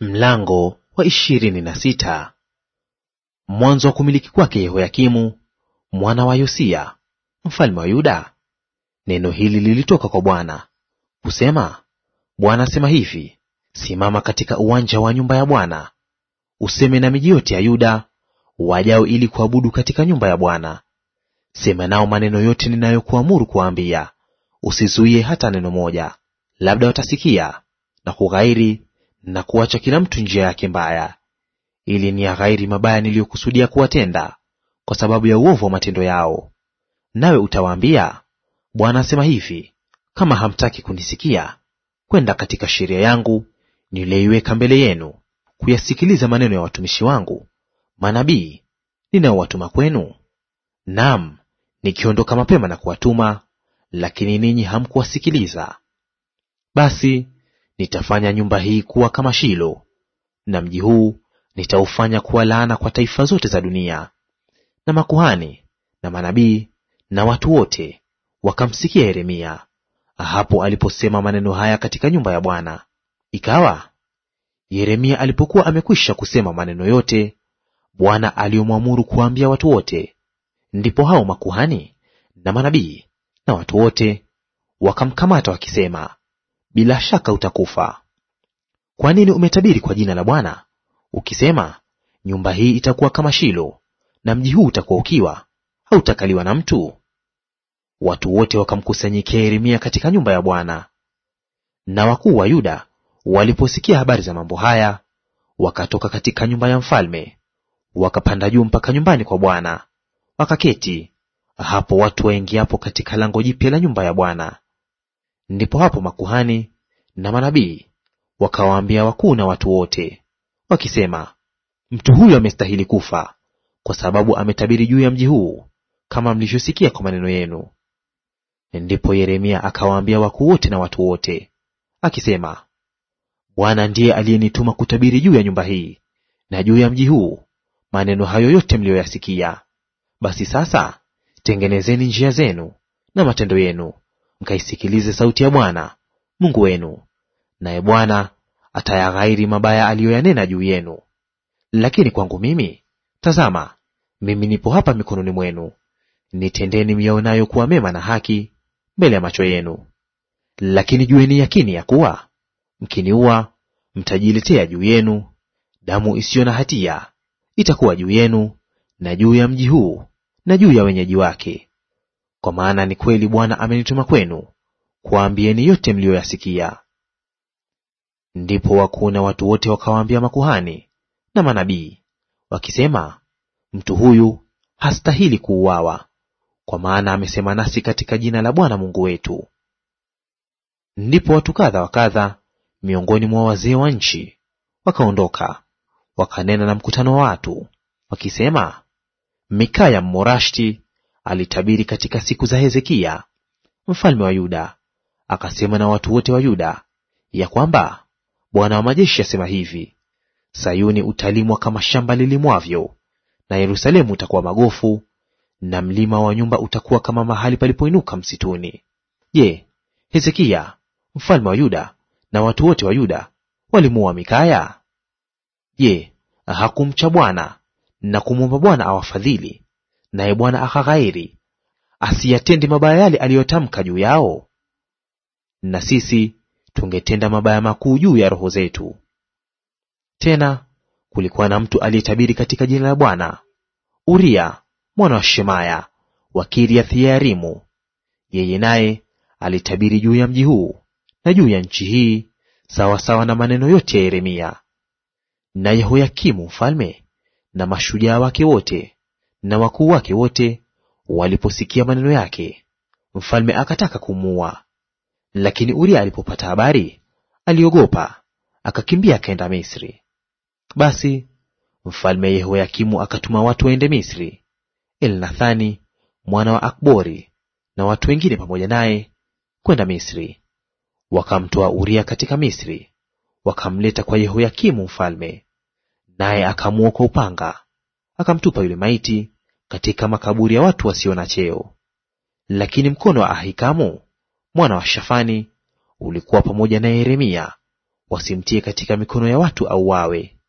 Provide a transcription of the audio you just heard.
Mlango wa ishirini na sita. Mwanzo wa kumiliki kwake Yehoyakimu mwana wa Yosia mfalme wa Yuda, neno hili lilitoka kwa Bwana kusema, Bwana asema hivi, simama katika uwanja wa nyumba ya Bwana, useme na miji yote ya Yuda wajao ili kuabudu katika nyumba ya Bwana. Sema nao maneno yote ninayokuamuru kuwaambia, usizuie hata neno moja, labda watasikia na kughairi na kuacha kila mtu njia yake mbaya, ili ni ya ghairi mabaya niliyokusudia kuwatenda kwa sababu ya uovu wa matendo yao. Nawe utawaambia, Bwana asema hivi, kama hamtaki kunisikia kwenda katika sheria yangu niliyoiweka mbele yenu, kuyasikiliza maneno ya watumishi wangu manabii ninaowatuma kwenu, naam, nikiondoka mapema na kuwatuma, lakini ninyi hamkuwasikiliza; basi Nitafanya nyumba hii kuwa kama Shilo, na mji huu nitaufanya kuwa laana kwa taifa zote za dunia. Na makuhani na manabii na watu wote wakamsikia Yeremia hapo aliposema maneno haya katika nyumba ya Bwana. Ikawa Yeremia alipokuwa amekwisha kusema maneno yote Bwana aliyomwamuru kuambia watu wote, ndipo hao makuhani na manabii na watu wote wakamkamata wakisema, bila shaka utakufa. Kwa nini umetabiri kwa jina la Bwana ukisema, nyumba hii itakuwa kama Shilo, na mji huu utakuwa ukiwa, hautakaliwa na mtu? Watu wote wakamkusanyikia Yeremia katika nyumba ya Bwana. Na wakuu wa Yuda waliposikia habari za mambo haya, wakatoka katika nyumba ya mfalme, wakapanda juu mpaka nyumbani kwa Bwana, wakaketi hapo watu waingiapo katika lango jipya la nyumba ya Bwana. Ndipo hapo makuhani na manabii wakawaambia wakuu na watu wote, wakisema, mtu huyu amestahili kufa, kwa sababu ametabiri juu ya mji huu, kama mlivyosikia kwa maneno yenu. Ndipo Yeremia akawaambia wakuu wote na watu wote, akisema, Bwana ndiye aliyenituma kutabiri juu ya nyumba hii na juu ya mji huu maneno hayo yote mliyoyasikia. Basi sasa tengenezeni njia zenu na matendo yenu, mkaisikilize sauti ya Bwana Mungu wenu, naye Bwana atayaghairi mabaya aliyoyanena juu yenu. Lakini kwangu mimi, tazama, mimi nipo hapa mikononi mwenu; nitendeni myaonayo kuwa mema na haki mbele ya macho yenu. Lakini jueni yakini ya kuwa mkiniua, mtajiletea juu yenu damu isiyo na hatia; itakuwa juu yenu na juu ya mji huu na juu ya wenyeji wake. Kwa maana ni kweli Bwana amenituma kwenu kuwaambieni yote mliyoyasikia. Ndipo wakuu na watu wote wakawaambia makuhani na manabii wakisema, mtu huyu hastahili kuuawa, kwa maana amesema nasi katika jina la Bwana Mungu wetu. Ndipo watu kadha wa kadha miongoni mwa wazee wa nchi wakaondoka wakanena na mkutano wa watu wakisema, Mikaya mmorashti alitabiri katika siku za Hezekia mfalme wa Yuda, akasema na watu wote wa Yuda ya kwamba Bwana wa majeshi asema hivi, Sayuni utalimwa kama shamba lilimwavyo, na Yerusalemu utakuwa magofu, na mlima wa nyumba utakuwa kama mahali palipoinuka msituni. Je, Hezekia mfalme wa Yuda na watu wote wa Yuda walimuua Mikaya? Je, hakumcha Bwana na kumwomba Bwana awafadhili naye Bwana akaghairi, asiyatende mabaya yale aliyotamka juu yao? Na sisi tungetenda mabaya makuu juu ya roho zetu. Tena kulikuwa na mtu aliyetabiri katika jina la Bwana, Uria mwana wa Shemaya wa kiriath Yeye naye alitabiri juu ya mji huu na juu ya nchi hii sawasawa na maneno yote ya Yeremia. Na Yehoyakimu mfalme na mashujaa wake wote na wakuu wake wote waliposikia maneno yake, mfalme akataka kumuua. Lakini Uria alipopata habari, aliogopa, akakimbia akaenda Misri. Basi mfalme Yehoyakimu akatuma watu waende Misri, Elnathani mwana wa Akbori na watu wengine pamoja naye kwenda Misri. Wakamtoa Uria katika Misri, wakamleta kwa Yehoyakimu mfalme, naye akamua kwa upanga akamtupa yule maiti katika makaburi ya watu wasio na cheo. Lakini mkono wa Ahikamu mwana wa Shafani ulikuwa pamoja na Yeremia, wasimtie katika mikono ya watu au wawe